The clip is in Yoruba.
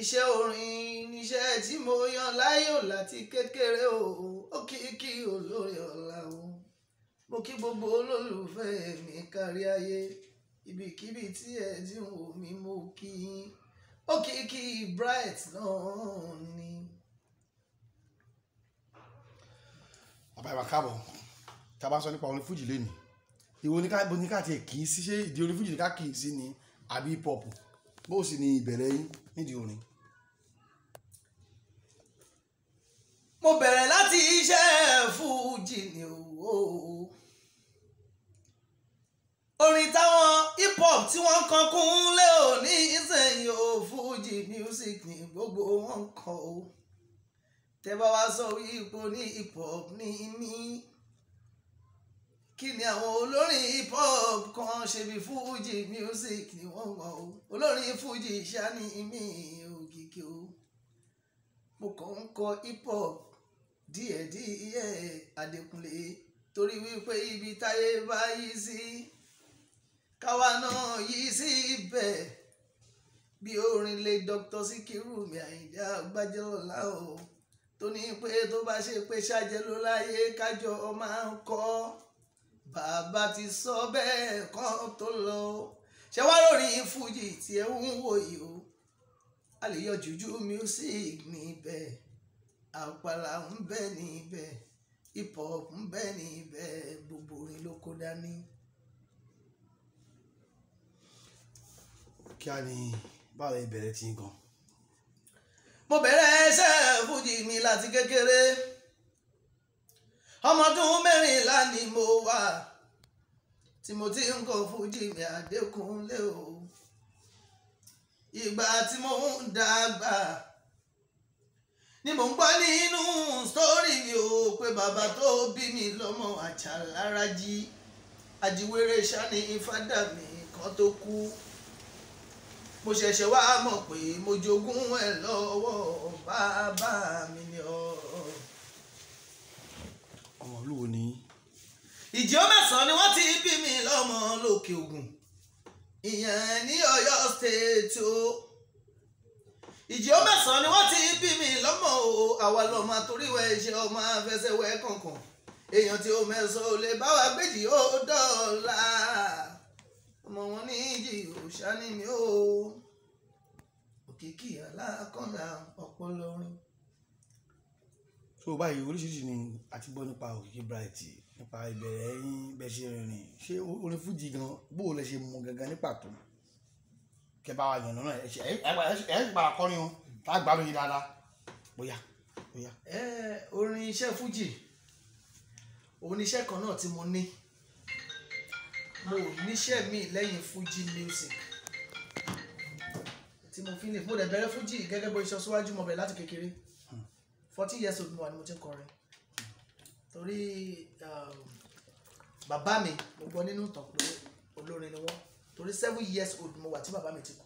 iṣẹ́ orin níṣẹ́ tí mo yan láyò láti kékeré o Òkìkí olórin ọ̀la o mo kí gbogbo olólùfẹ́ mi kárí ayé ibikíbi tí ẹ ti ń wò mí mo kí yín Òkìkí bright náà ni. bàbá ìwà káàbọ̀ tá a bá sọ nípa orin fújì lónìí ìwo ní ká ti kì í sí ṣé ìdí orin fújì ká kì í sí ni àbí hip bó sì ni ìbẹ̀rẹ̀ yín nídìí orin. mo bẹ̀rẹ̀ láti iṣẹ́ fújì ni o orin táwọn hip hop tí wọ́n kan kún lé òní ìsẹ̀yìn o fújì music ni gbogbo wọn kọ́ o tẹ́ bá wá sọ wípé ní hip hop ní mí kí ni àwọn olórin hip hop kan ṣebí Fuji music ni wọ́n mọ̀ o olórin fújì ṣáni mi òkìkí o mo kàn ń kọ hip hop díẹ̀díẹ̀ Adékúnlé torí wípé ibi táyé bá yí sí káwa náà yí sí ibẹ̀ bí orin lé Dr. Síkírù mi Àyìndé Agbájẹ́lọ́lá o tó ní pé tó bá ṣe pé ṣáájẹ́ ló láyé kájọ máa ń kọ́ ọ́ bàbá ti sọ bẹ́ẹ̀ kan tó lọ ṣé wá lórí fújì tí ẹ ń wò yìí o a lè yọ jùjú music níbẹ̀ àpàlà ń bẹ níbẹ̀ hip hop ń bẹ níbẹ̀ gbogbo orin ló kó dání. kí a ní báwo ìbẹ̀rẹ̀ ti ń gan. mo bẹ̀rẹ̀ iṣẹ́ fújì mi láti kékeré ọmọdún mẹ́rìnlá ni mo wà tí mo ti ń kọ fújì mi Adékúnlé o ìgbà tí mo ń dàgbà ni mò ń gbọ́ nínú sítórì mi o pé bàbá tó bí mi lọ́mọ Àjàlárájí ajíwèrè sani fádà mi kan tó kú mo ṣẹ̀ṣẹ̀ wá mọ̀ pé mo jogún ẹ̀ lọ́wọ́ bàbá ìjì ó mẹ́sàn-án ni wọ́n ti bí mi lọ́mọ lókè ògùn ìyẹn ní Ọ̀yọ́ stéètì o ìjì ó mẹ́sàn-án ni wọ́n ti bí mi lọ́mọ o àwa lọ́mọ àtòríwẹ̀ iṣẹ́ ọmọ afẹsẹ̀wẹ̀ kọ̀ọ̀kan èèyàn tí ó mẹ́sàn-án lè bá wa gbèjì ó dọ̀ọ̀la ọmọ wọn ní ìjì òòṣà ni mi ó òkìkí alákọ̀ọ́lá ọpọlọ tó o báyìí oríṣiríṣi ni a ti gbọ́ nípa òkìkí bright nípa ìbẹ̀rẹ̀ yín bẹ́ẹ̀ ṣe rìnrìn ṣé orin fújì gan bó o lè ṣe mú gangan ní pàtó kẹ bá wa yànnà náà ẹ ṣe ẹ ṣe padà kọrin o tá a gbádùn yín dáadáa bóyá bóyá. ẹ orin iṣẹ́ fújì oníṣẹ́ kan náà tí mo ní mo ò níṣẹ́ míì lẹ́yìn fújì music tí mo fi ní mo dẹ̀ bẹ̀rẹ̀ fújì gẹ́gẹ́ bó iṣan síwájú mo bẹ̀rẹ̀ láti kékeré hmm. fourteen years old mo wà ní mo ti ń kọrin torí um, bàbá mi mo gbọ́ nínú ìtàn pé olórin ni wọ́n torí seven years old mo wà tí bàbá mi ti kú